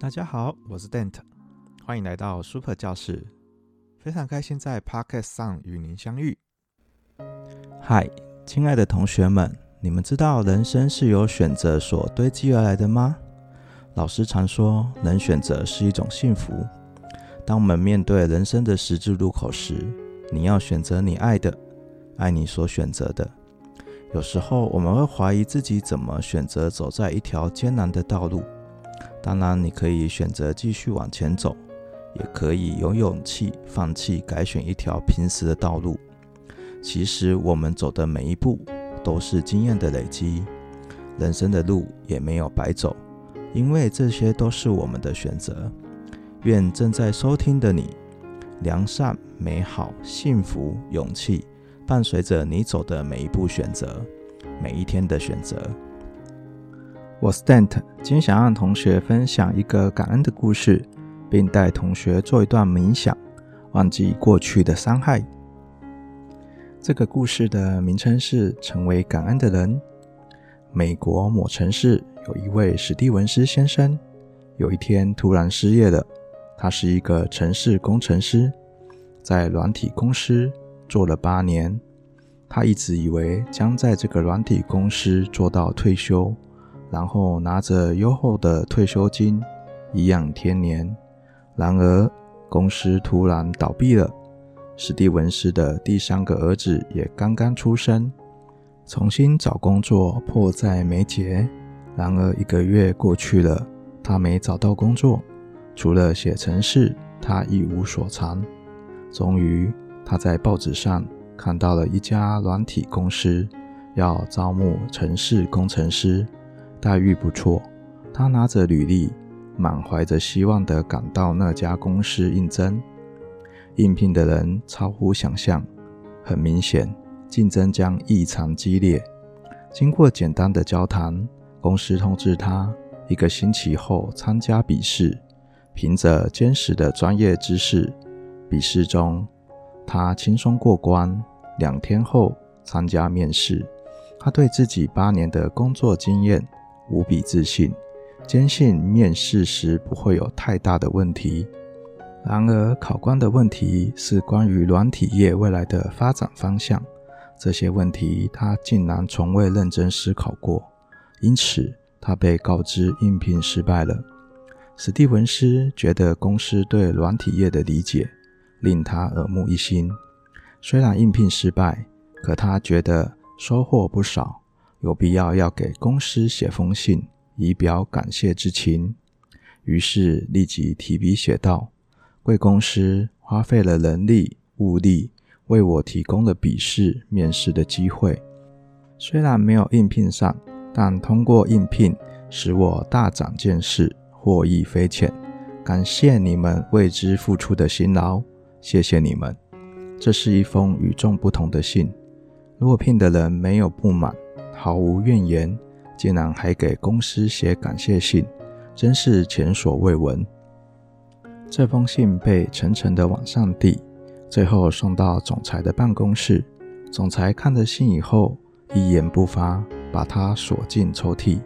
大家好，我是 Dante，歡迎來到 Super 教室。非常開心在 Podcast 上與您相遇。嗨，親愛的同學們，你們知道人生是由選擇所堆積而來的嗎？老師常說，能選擇是一種幸福。當我們面對人生的十字路口時，你要選擇你愛的，愛你所選擇的。有時候我們會懷疑自己怎麼選擇走在一條艱難的道路。當然，你可以選擇繼續往前走，也可以有勇氣放棄，改選一條平時的道路。其實，我們走的每一步都是經驗的累積，人生的路也沒有白走，因為這些都是我們的選擇。願正在收聽的你，良善、美好、幸福、勇氣，伴隨着你走的每一步選擇，每一天的選擇。我是 Dante，今天想讓同學分享一個感恩的故事，並帶同學做一段冥想，忘記過去的傷害。這個故事的名稱是《成為感恩的人》。美國某城市有一位史蒂文斯先生，有一天突然失業了。他是一個城市工程師，在軟體公司做了八年，他一直以為將在這個軟體公司做到退休。然後拿着優厚的退休金頤養天年。然而，公司突然倒閉了。史蒂文斯的第三個兒子也剛剛出生，重新找工作迫在眉睫。然而，一個月過去了，他沒找到工作。除了寫程式，他一無所長。終於，他在報紙上看到了一家軟體公司要招募程式工程師。待遇不錯，他拿着履歷，滿懷着希望地趕到那家公司應徵。應聘的人超乎想象，很明顯競爭將異常激烈。經過簡單的交談，公司通知他一個星期後參加筆試。憑着堅實的專業知識，筆試中他輕鬆過關。兩天後參加面試，他對自己八年的工作經驗，無比自信，堅信面試時不會有太大的問題。然而，考官的問題是關於軟體業未來的發展方向，這些問題他竟然從未認真思考過。因此，他被告知應聘失敗了。史蒂文斯覺得公司對軟體業的理解令他耳目一新。雖然應聘失敗，可他覺得收穫不少。有必要要給公司寫封信，以表感謝之情。於是立即提筆寫道：“貴公司花費了人力物力，為我提供了筆試、面試的機會。雖然沒有應聘上，但通過應聘使我大長見識，獲益匪淺。感謝你們為之付出的辛勞，謝謝你們。”這是一封與眾不同的信。如果聘的人沒有不滿，毫無怨言，竟然還給公司寫感謝信，真是前所未聞。這封信被層層的往上遞，最後送到總裁的辦公室。總裁看了信以後，一言不發，把它鎖進抽屜。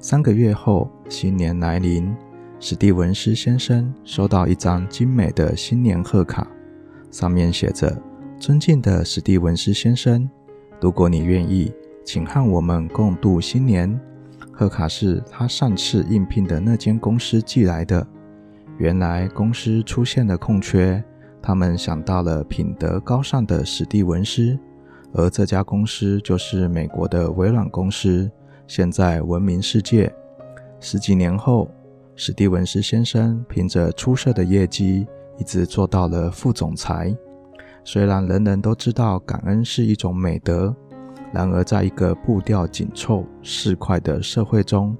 三個月後，新年來臨，史蒂文斯先生收到一張精美的新年賀卡，上面寫着：“尊敬的史蒂文斯先生，如果你願意。”請和我們共度新年。賀卡是他上次應聘的那間公司寄來的。原來公司出現了空缺，他們想到了品德高尚的史蒂文斯，而這家公司就是美國的微軟公司，現在聞名世界。十幾年後，史蒂文斯先生憑着出色的業績，一直做到了副總裁。雖然人人都知道感恩是一種美德，然而，在一個步調緊湊、市儈的社會中，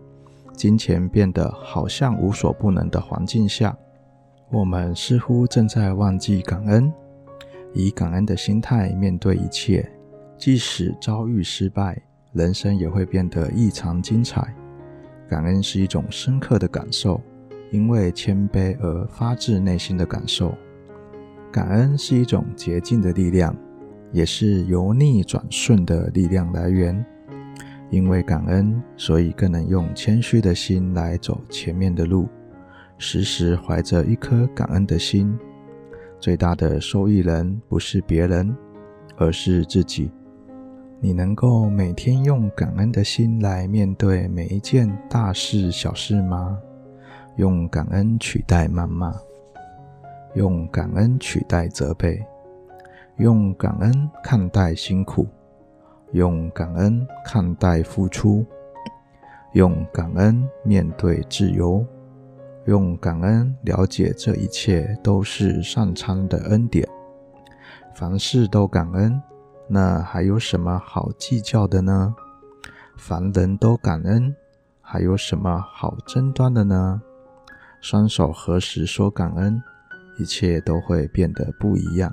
金錢變得好像無所不能的環境下，我們似乎正在忘記感恩。以感恩的心態面對一切，即使遭遇失敗，人生也會變得異常精彩。感恩是一種深刻的感受，因為謙卑而發自內心的感受。感恩是一種潔淨的力量。也是由逆轉順的力量來源，因為感恩，所以更能用謙虛的心來走前面的路。時時懷着一顆感恩的心，最大的受益人不是別人，而是自己。你能夠每天用感恩的心來面對每一件大事小事嗎？用感恩取代謾罵，用感恩取代責備。用感恩看待辛苦，用感恩看待付出，用感恩面對自由，用感恩了解這一切都是上蒼的恩典。凡事都感恩，那還有什麼好計較的呢？凡人都感恩，還有什麼好爭端的呢？雙手合十說感恩，一切都會變得不一樣。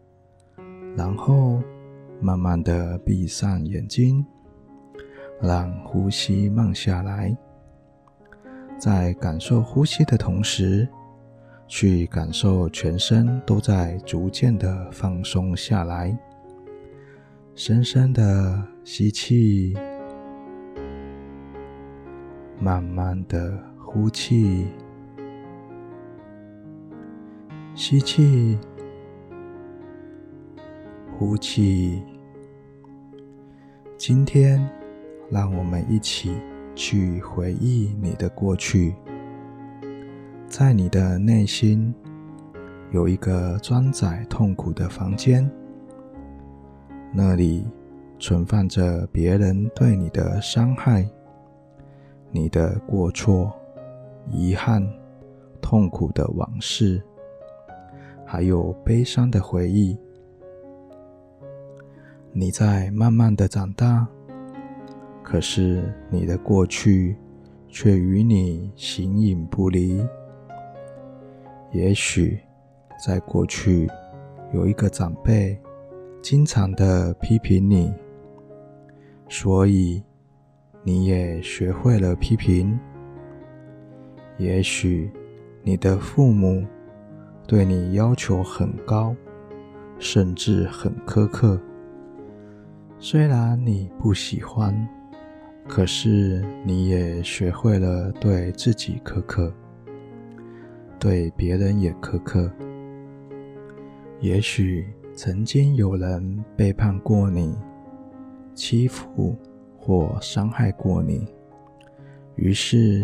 然後，慢慢的閉上眼睛，讓呼吸慢下來。在感受呼吸的同時，去感受全身都在逐漸的放鬆下來。深深的吸氣，慢慢的呼氣，吸氣。呼氣。今天，讓我們一起去回憶你的過去。在你的內心，有一個裝載痛苦的房間，那裡存放着別人對你的傷害、你的過錯、遺憾、痛苦的往事，還有悲傷的回憶。你在慢慢的長大，可是你的過去卻與你形影不離。也許在過去有一個長輩經常的批評你，所以你也學會了批評。也許你的父母對你要求很高，甚至很苛刻。雖然你不喜歡，可是你也學會了對自己苛刻，對別人也苛刻。也許曾經有人背叛過你，欺負或傷害過你，於是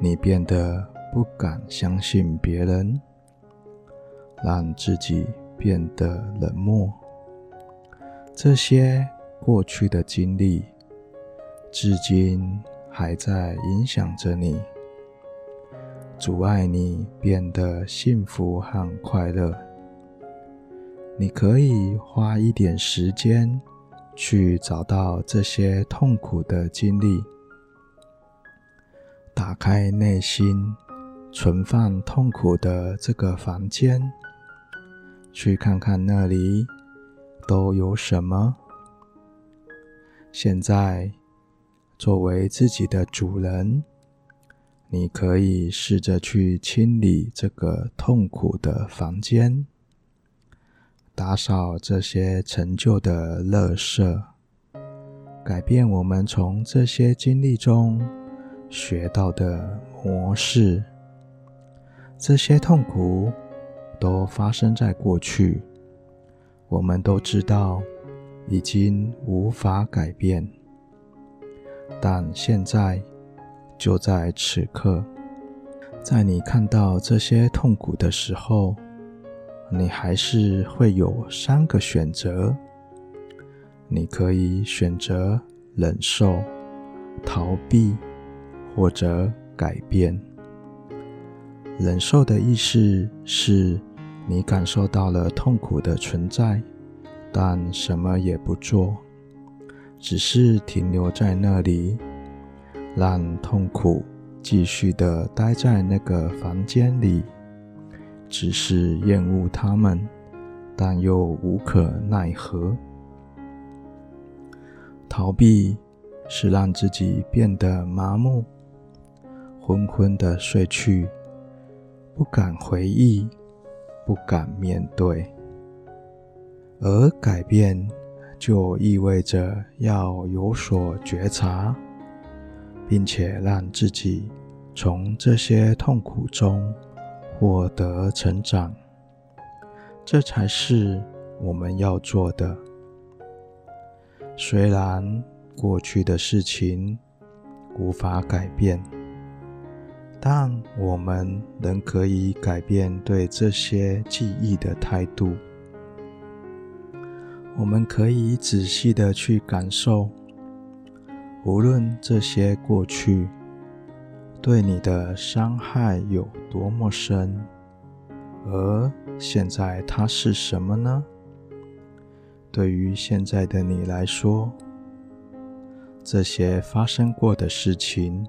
你變得不敢相信別人，讓自己變得冷漠。這些過去的經歷，至今還在影響着你，阻礙你變得幸福和快樂。你可以花一點時間去找到這些痛苦的經歷，打開內心存放痛苦的這個房間，去看看那裡都有什麼。現在，作為自己的主人，你可以試着去清理這個痛苦的房間，打掃這些陳舊的垃圾，改變我們從這些經歷中學到的模式。這些痛苦都發生在過去，我們都知道。已經無法改變。但現在，就在此刻，在你看到這些痛苦的時候，你還是會有三個選擇：你可以選擇忍受、逃避或者改變。忍受的意思是你感受到了痛苦的存在。但什麼也不做，只是停留在那裡，讓痛苦繼續的待在那個房間裡，只是厭惡他們，但又無可奈何。逃避是讓自己變得麻木，昏昏的睡去，不敢回憶，不敢面對。而改變就意味着要有所覺察，並且讓自己從這些痛苦中獲得成長，這才是我們要做的。雖然過去的事情無法改變，但我們仍可以改變對這些記憶的態度。我們可以仔細地去感受，無論這些過去對你的傷害有多麼深，而現在它是什麼呢？對於現在的你來說，這些發生過的事情，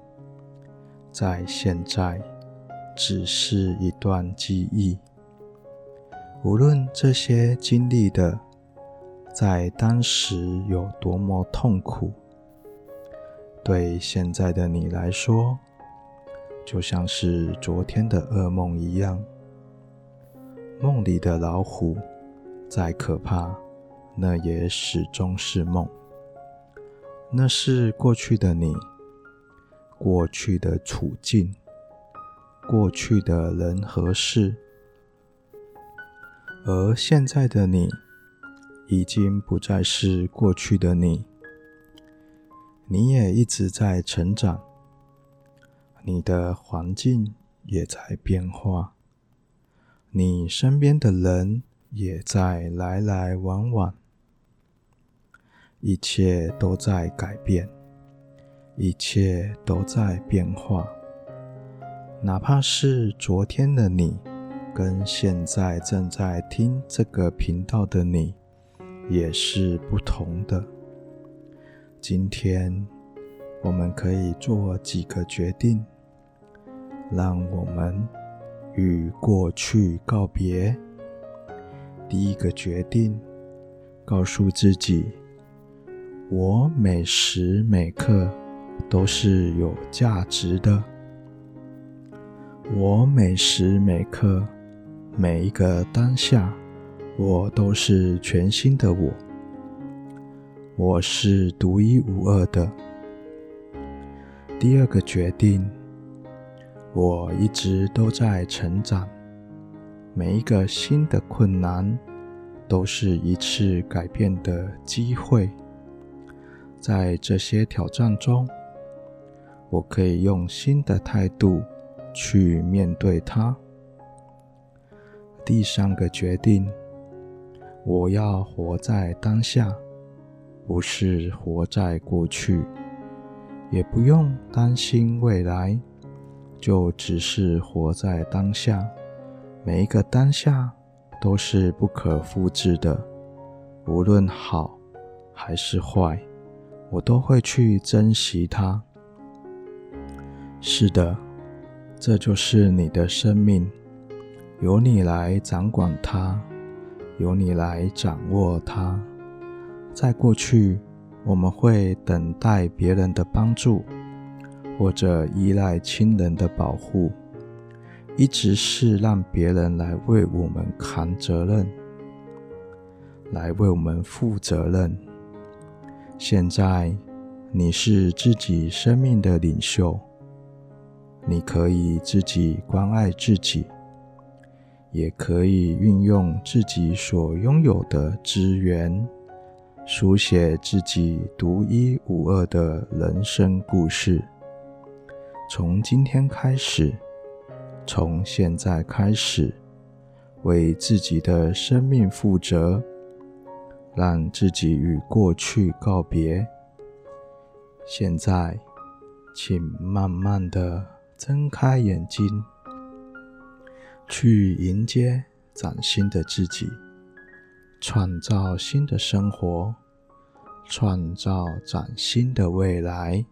在現在只是一段記憶。無論這些經歷的。在當時有多麼痛苦，對現在的你來說，就像是昨天的噩夢一樣。夢裡的老虎再可怕，那也始終是夢。那是過去的你，過去的處境，過去的人和事。而現在的你。已經不再是過去的你，你也一直在成長，你的環境也在變化，你身邊的人也在來來往往，一切都在改變，一切都在變化。哪怕是昨天的你，跟現在正在聽這個頻道的你。也是不同的。今天，我們可以做幾個決定，讓我們與過去告別。第一個決定，告訴自己：我每時每刻都是有價值的。我每時每刻，每一個當下。我都是全新的我，我是獨一無二的。第二個決定，我一直都在成長，每一個新的困難都是一次改變的機會，在這些挑戰中，我可以用新的態度去面對它。第三個決定。我要活在當下，不是活在過去，也不用擔心未來，就只是活在當下。每一個當下都是不可複製的，無論好還是壞，我都會去珍惜它。是的，這就是你的生命，由你來掌管它。由你來掌握它。在過去，我們會等待別人的幫助，或者依賴親人的保護，一直是讓別人來為我們扛責任，來為我們負責任。現在，你是自己生命的領袖，你可以自己關愛自己。也可以運用自己所擁有的資源，書寫自己獨一無二的人生故事。從今天開始，從現在開始，為自己的生命負責，讓自己與過去告別。現在，請慢慢地睜開眼睛。去迎接嶄新的自己，創造新的生活，創造嶄新的未來。